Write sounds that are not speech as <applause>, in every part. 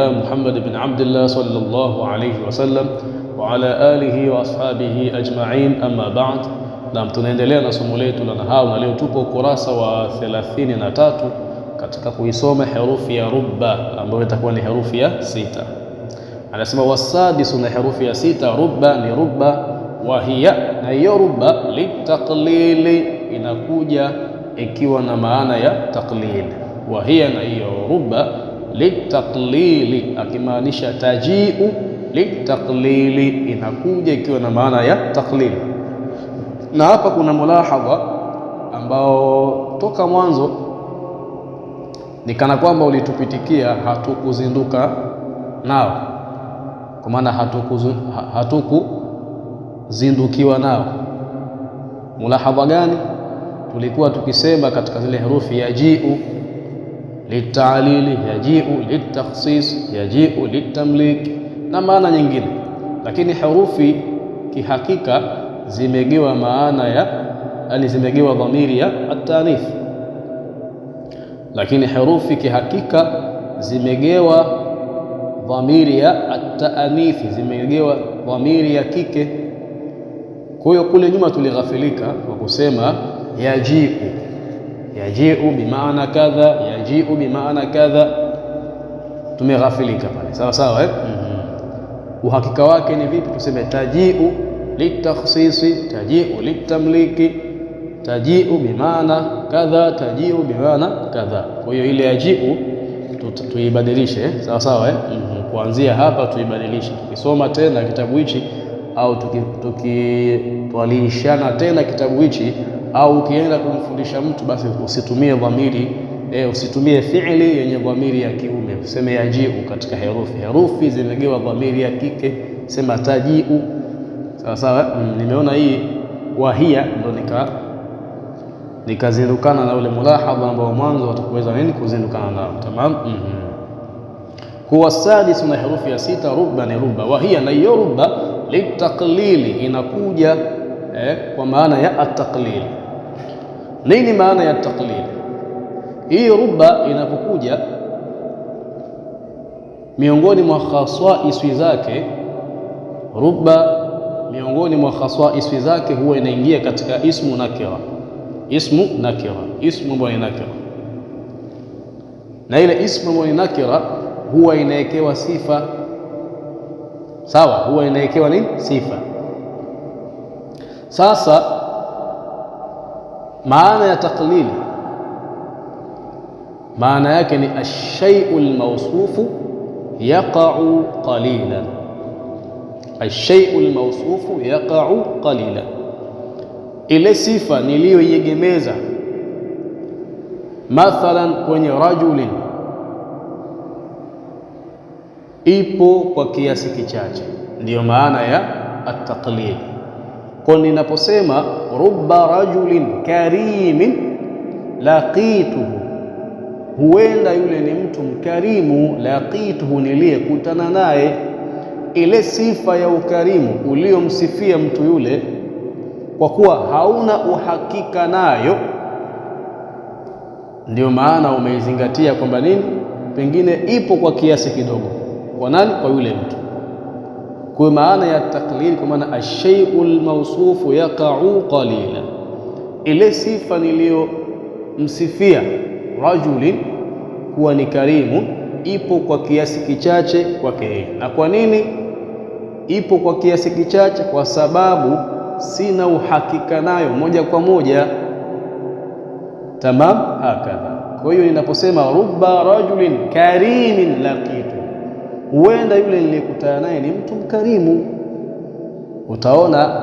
محمد بن عبد الله صلى الله عليه wasallam وعلى آله وأصحابه أجمعين أما بعد na tunaendelea na somo letu la nahau na leo tupo ukurasa wa 33 katika kuisoma herufi ya ruba ambayo itakuwa ni herufi ya sita anasema wasadisu na herufi ya sita ruba ni ruba wa hiya na hiyo ruba litaklili inakuja ikiwa na maana ya taklili wa hiya na hiyo ruba litaklili, akimaanisha tajiu litaklili, inakuja ikiwa na maana ya taklili Na hapa kuna mulahadha ambao toka mwanzo nikana kwamba ulitupitikia, hatukuzinduka nao, kwa maana hatukuzindukiwa nao. Mulahadha gani? Tulikuwa tukisema katika zile herufi ya jiu litalili, yajiu litakhsis, yajiu litamlik na maana nyingine, lakini herufi kihakika zimegewa maana ya yani, zimegewa dhamiri ya atanif, lakini herufi kihakika zimegewa dhamiri ya ataanifi, zimegewa dhamiri ya kike. Kwa hiyo kule nyuma tulighafilika kwa kusema yajiu, yajiu bimaana kadha jiu bimaana kadha, tumeghafilika pale, sawa sawa eh? mm -hmm. Uhakika wake ni vipi? Tuseme tajiu litakhsisi, tajiu litamliki, tajiu bimaana kadha, tajiu bimaana kadha. Kwa hiyo ile ya jiu tuibadilishe, eh? sawa sawa eh? mm -hmm. Kuanzia hapa tuibadilishe, tukisoma tena kitabu hichi au tukitwalishana tuki, tena kitabu hichi au ukienda kumfundisha mtu basi usitumie dhamiri E, usitumie fiili yenye dhamiri ya kiume, useme yajiu katika herufi. Herufi zimegewa dhamiri ya kike, sema tajiu. Sawa sawa. Eh? Mm, nimeona hii wahia ndo nika nikazindukana na ule mulahadha ambao mwanzo watakuweza nini kuzindukana nao. Tamam. mm -hmm. Huwa sadis, na herufi ya sita. Ruba ni ruba, wahia na hiyo ruba litaklili inakuja eh, kwa maana ya ataklili. Nini maana ya taklili? Hii ruba inapokuja miongoni mwa khaswa iswi zake, ruba miongoni mwa khaswa iswi zake huwa inaingia katika ismu nakira, ismu nakira, ismu ambayo ni nakira, na ile ismu ambayo ni nakira huwa inawekewa sifa. Sawa, huwa inawekewa nini? Sifa. Sasa maana ya taklili maana yake ni alshaiu lmausufu yaqau qalila, alshaiu lmausufu yaqau qalila, ile sifa niliyoiegemeza mathalan kwenye rajulin ipo kwa kiasi kichache, ndiyo maana ya at-taqlid. Kwa ninaposema rubba rajulin karimin laqituhu huenda yule ni mtu mkarimu, laqituhu, niliyekutana naye. Ile sifa ya ukarimu uliyomsifia mtu yule, kwa kuwa hauna uhakika nayo, ndio maana umeizingatia kwamba nini, pengine ipo kwa kiasi kidogo. Kwa nani? Kwa yule mtu. Kwa maana ya taklili kwa maana ashayu lmausufu yaqau qalila, ile sifa niliyomsifia rajulin, kuwa ni karimu, ipo kwa kiasi kichache kwake yeye. Na kwa nini ipo kwa kiasi kichache? Kwa sababu sina uhakika nayo moja kwa moja. Tamam, hakadha. Kwa hiyo ninaposema rubba rajulin karimin laqitu, huenda yule niliyekutana naye ni mtu mkarimu. Utaona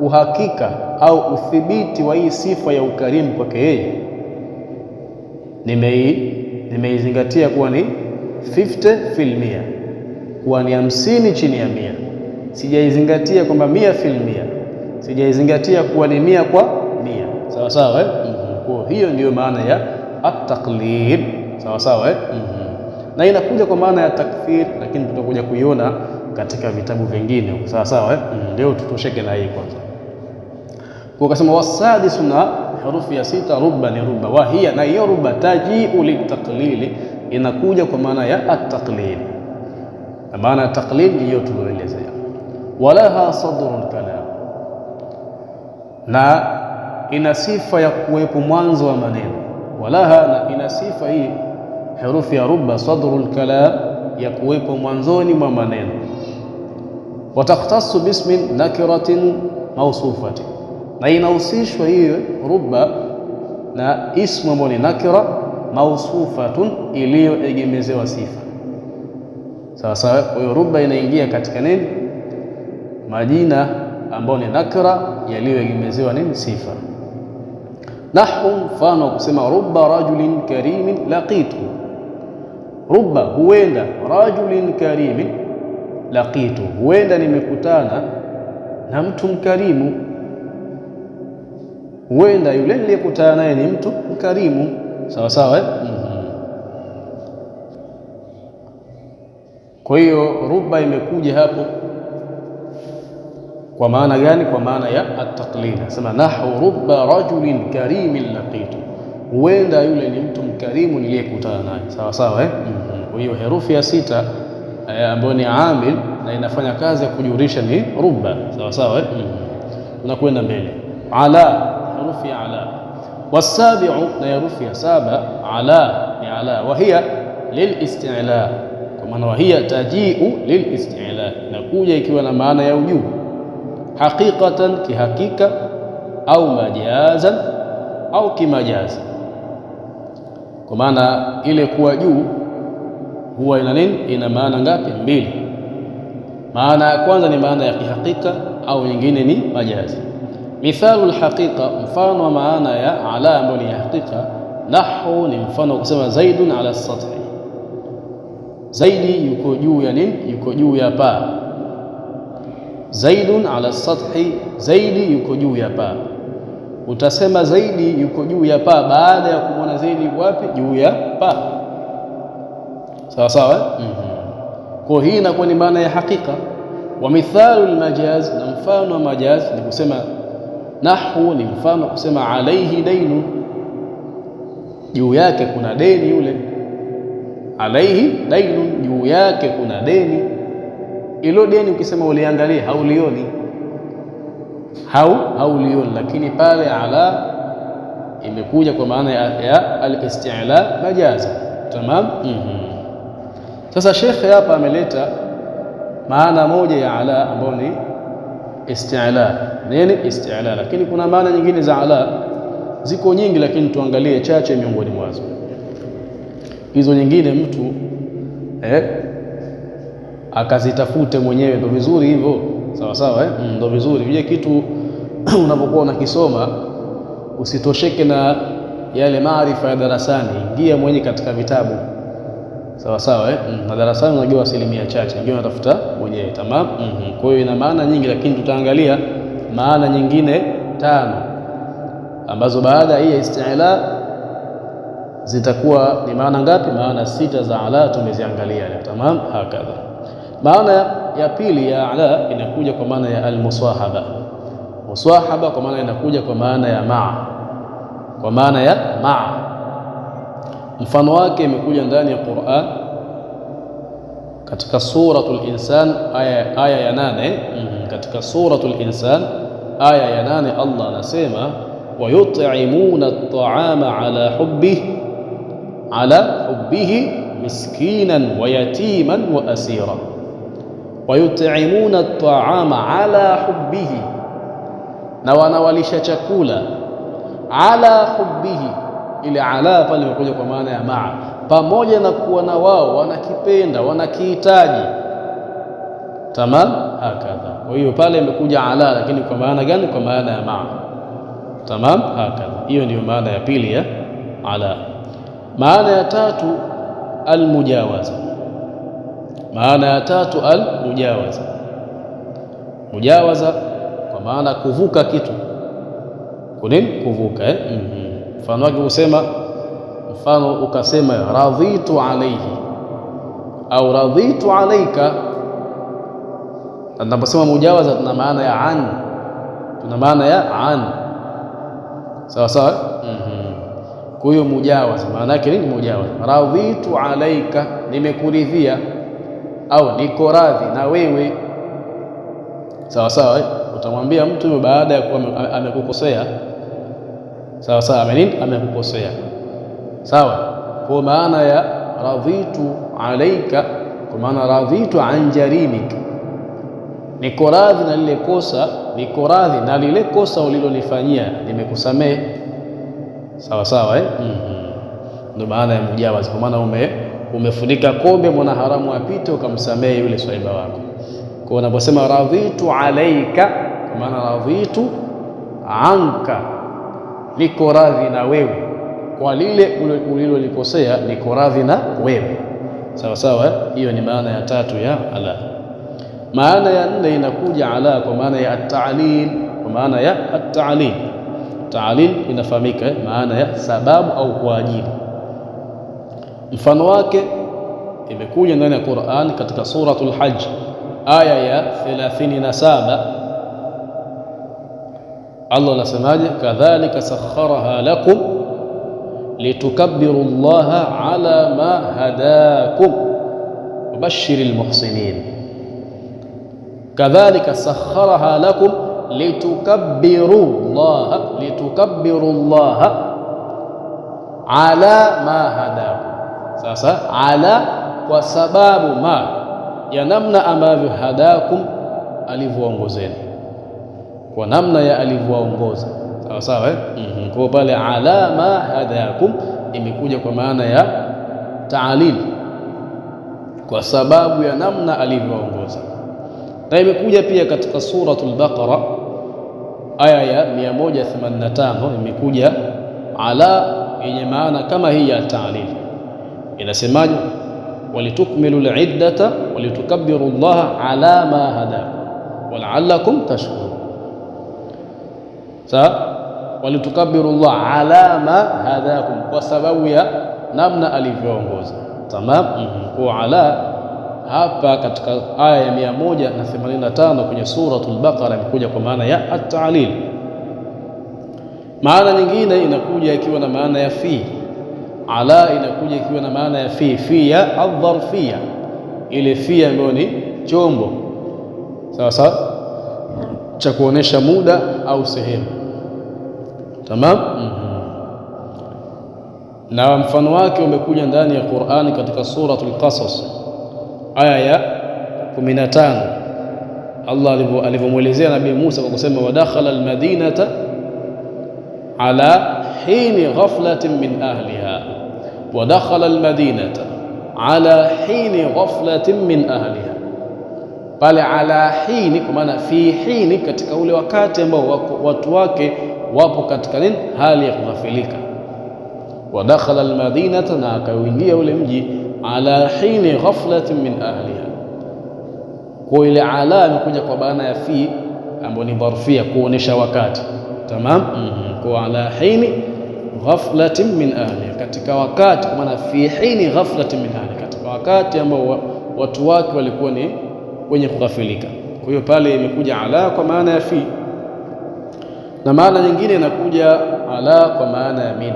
uhakika au uthibiti wa hii sifa ya ukarimu kwake yeye nimeizingatia kuwa ni 50 fil mia, kuwa ni hamsini chini ya mia. Sijaizingatia kwamba mia fil mia, sijaizingatia kuwa ni mia kwa mia. Sawa sawa eh? mm -hmm. Kwa hiyo ndiyo maana ya at-taqlid. Sawa sawa eh? mm -hmm. na inakuja kwa maana ya takfir, lakini tutakuja kuiona katika vitabu vingine. Sawa sawa eh? mm -hmm. Leo tutosheke na hii kwanza, kwa kasema wasadisu na Harufu ya sita ruba ni ruba, wa na hiyo ruba tajiu litaklili, inakuja kwa maana ya ataklili na maana ya taklili ndiyo tulioelezea. Walaha sadrun kalam, na ina sifa ya kuwepo mwanzo wa maneno. Walaha na ina sifa hii herufi ya ruba sadrul kalam, ya kuwepo mwanzoni mwa maneno. wataktasu bismin nakiratin mausufatin na inahusishwa hiyo ruba na ismu ambayo ni nakira mausufatun iliyoegemezewa sifa. Sawa sawa. Kwa hiyo ruba inaingia katika nini? Majina ambayo ni nakira yaliyoegemezewa nini? Sifa. nahu mfano kusema ruba rajulin karimin laqitu, ruba huenda, rajulin karimin laqitu, huenda nimekutana na mtu mkarimu huenda yule niliyekutana naye ni mtu mkarimu. Sawa sawa eh? mm -hmm. Kwa hiyo ruba imekuja hapo kwa maana gani? Kwa maana ya ataklid, sema nahu ruba rajulin karimin laqitu, huenda yule ni mtu mkarimu niliyekutana naye. Sawa sawa eh? mm -hmm. Kwa hiyo herufi ya sita eh, ambayo ni amil na inafanya kazi ya kujurisha ni ruba. Sawa sawa eh? mm -hmm. Tunakwenda mbele ala yarufi ala wasabiu na yarufi ya saba ala ni ala wahiya lilistila kwa maana wahiya tajiu lilistila inakuja ikiwa na maana ya ujuu haqiqatan kihakika au majazan au kimajazi kwa maana ile kuwa juu huwa ina nini ina maana ngapi mbili maana ya kwanza ni maana ya kihakika au nyingine ni majazi مثال الحقيقة مفان ومعانا يا على من يحقيقة نحو نمفان وقسم زيد على السطح زيد يكوجو ينين يكوجو يبا زيد على السطح زيد يكوجو يبا وتسمى زيد يكوجو يبا بعد يكون زيد وابي يو يبا سوا سوا كوهين أكون معنا يا حقيقة ومثال المجاز نمفان ومجاز نقسمه Nahwu ni mfano kusema alaihi dainu, juu yake kuna deni. Yule alaihi dainu, juu yake kuna deni. Ilo deni ukisema uliangalia haulioni, hau haulioni, lakini pale ala imekuja kwa maana ya al-istila majazi. Tamam. mm -hmm. Sasa shekhe hapa ameleta maana moja ya ala ambayo ni isti'la. Nini isti'la? Lakini kuna maana nyingine za ala, ziko nyingi, lakini tuangalie chache miongoni mwazo hizo. Nyingine mtu eh, akazitafute mwenyewe, ndo vizuri hivyo, sawa sawa, eh, mm, ndo vizuri vile kitu <clears throat> unapokuwa unakisoma usitosheke na yale maarifa ya darasani, ingia mwenyewe katika vitabu sawa sawa eh? mm. na darasani unajua asilimia chache ndio unatafuta mwenyewe tamam. mm -hmm. Kwa hiyo ina maana nyingi, lakini tutaangalia maana nyingine tano ambazo baada ya isti'la zitakuwa ni maana ngapi? Maana sita za ala tumeziangalia leo tamam. Hakadha, maana ya pili ya ala inakuja kwa maana ya almusahaba. muswahaba kwa maana inakuja kwa maana ya maa, kwa maana ya maa mfano wake imekuja ndani ya Qur'an katika suratul insan aya, aya ya 8 katika suratul insan aya ya 8 Allah anasema wayut'imuna at'ama ala hubbihi ala hubbihi miskinan wa yatiman wa asira wayut'imuna at'ama ala hubbihi na wanawalisha chakula ala hubbihi ile ala pale imekuja kwa maana ya maa, pamoja na kuwa na wao wanakipenda wanakihitaji. Tamam, hakadha. Kwa hiyo pale imekuja ala, lakini kwa maana gani? Kwa maana ya maa. Tamam, hakadha. Hiyo ndiyo maana ya pili ya ala. Maana ya tatu almujawaza. Maana ya tatu almujawaza. Mujawaza kwa maana kuvuka kitu kunini, kuvuka eh? mm -hmm. Mfano wake husema, mfano ukasema radhitu alaihi au radhitu alaika. Tunaposema mujawaza tuna maana ya an, tuna maana ya an, sawa sawa. Mhm. Kwa hiyo mujawaza maana yake nini? Mujawaza, radhitu alaika, nimekuridhia au niko radhi na wewe, sawa sawa. Eh? Utamwambia mtu baada ya kuwa amekukosea sawa sawa, amenini amekukosea sawa. Kwa maana ya radhitu alaika, kwa maana radhitu an jarimik, niko radhi na lile kosa, niko radhi na lile kosa ulilonifanyia, nimekusamehe sawa sawa, eh? mm -hmm. Ndio maana ya mujawazi, kwa maana ume umefunika kombe, mwanaharamu apite, ukamsamehe yule swaiba wako. Kwa unaposema radhitu alaika, kwa maana radhitu anka liko radhi na wewe kwa lile ulilolikosea, liko radhi na wewe sawa sawa. Hiyo ni maana ya tatu ya ala. Maana ya nne inakuja ala kwa maana ya at-ta'lil, kwa maana ya at-ta'lil. Ta'lil inafahamika eh, maana ya sababu au kwa ajili. Mfano wake imekuja ndani ya Qur'an katika suratul Hajj aya ya 37 Allah anasemaje kadhalika sakharaha lakum litukabbiru llaha ala ma hadakum wabashiril muhsinin kadhalika sakharaha lakum litukabbiru llaha litukabbiru llaha ala ma hadakum sasa ala kwa sababu ma ya namna ambavyo hadakum alivyoongozeni kwa namna ya alivyowaongoza sawa sawa, eh? mm -hmm. Kwa pale ala ma hadakum imekuja kwa maana ya taalil, kwa sababu ya namna alivyowaongoza, na imekuja pia katika Suratul Baqara aya ya 185 imekuja ala yenye maana kama hii ya taalil. Inasemaje? walitukmilu liddata walitukabiru llaha ala ma hadakum walaalakum tashkurun sawa walitukabiru llah ala ma hadakum, kwa sababu ya namna alivyoongoza. Tamam. Mhm. Kwa ala hapa katika aya ya 185 kwenye suratul Baqara imekuja kwa maana ya at-ta'lil. Maana nyingine inakuja ikiwa na maana ya fi, ala inakuja ikiwa na maana ya fi, fi ya adh-dharfia, ile fi ambayo ni chombo sawa sawa cha kuonesha muda au sehemu تمام نعم مفنواك ومكون يندان القرآن كتك سورة القصص آية كمينتان الله ألف موليزي نبي موسى وقسم ودخل المدينة على حين غفلة من أهلها ودخل المدينة على حين غفلة من أهلها بل على حين كمان في حين كتك أولي وكاتم وطواكي wapo katika nini, hali ya kughafilika. Wa dakhala almadinata, na akauingia ule mji, ala hini ghaflatin min ahliha. Kwa ile ala imekuja kwa baana ya fi ambayo ni dharfia kuonesha wakati. Tamam, mhm. kwa ala hini ghaflatin min ahliha, katika wakati, kwa maana fi hini ghaflatin min ahliha, katika wakati ambao watu wake walikuwa ni wenye kughafilika. Kwa hiyo pale imekuja ala kwa maana ya fi na maana nyingine inakuja ala kwa maana ya min,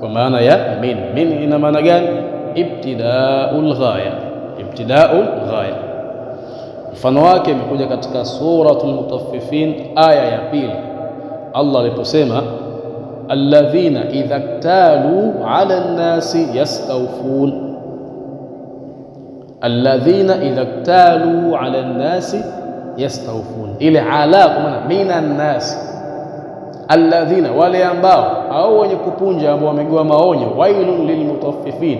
kwa maana ya min. Min ina maana gani? Ibtidaul ghaya, ibtidaul ghaya. Mfano wake imekuja katika Suratul Mutaffifin aya ya pili, Allah aliposema alladhina idha ktalu ala nnasi yastawfun, alladhina idha ktalu ala nnasi yastawfun. Ile ala kwa maana mina nnasi alladhina, wale ambao au wenye kupunja ambao wamegewa maonyo, wailun lilmutaffifin.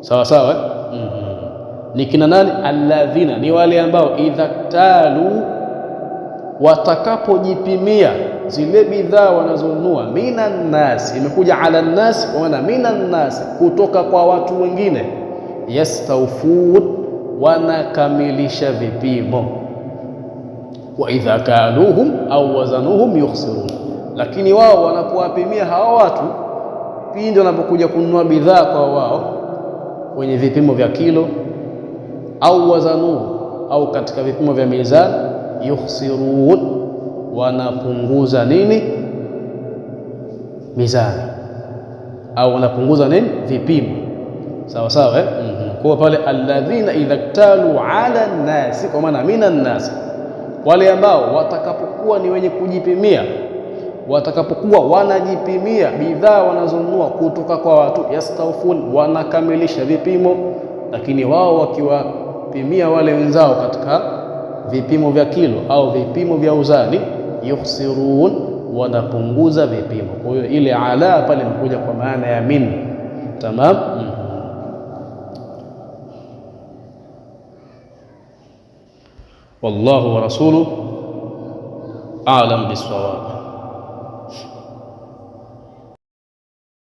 Sawa sawa, mm -hmm. Ni kina nani? Alladhina ni wale ambao idha talu, watakapojipimia zile bidhaa wanazonunua, minan nas, imekuja ala nas wana minan nas, kutoka kwa watu wengine, yastawfun, wanakamilisha vipimo wa idha kaluhum au wazanuhum yukhsirun, lakini wao wanapowapimia hawa watu pindi wanapokuja kununua bidhaa kwa wao kwenye vipimo vya kilo au wazanuhu au katika vipimo vya mizani, yukhsirun, wanapunguza nini? Mizani au wanapunguza nini? Vipimo. Sawa sawa, eh? mm -hmm. Kwa pale alladhina idha ktalu ala nnasi, kwa maana minan nasi wale ambao watakapokuwa ni wenye kujipimia, watakapokuwa wanajipimia bidhaa wanazonunua kutoka kwa watu, yastaufun wanakamilisha vipimo, lakini wao wakiwapimia wale wenzao katika vipimo vya kilo au vipimo vya uzani, yukhsirun, wanapunguza vipimo. Kwa hiyo ile ala pale imekuja kwa maana ya min, tamam. Mm. والله ورسوله أعلم بالصواب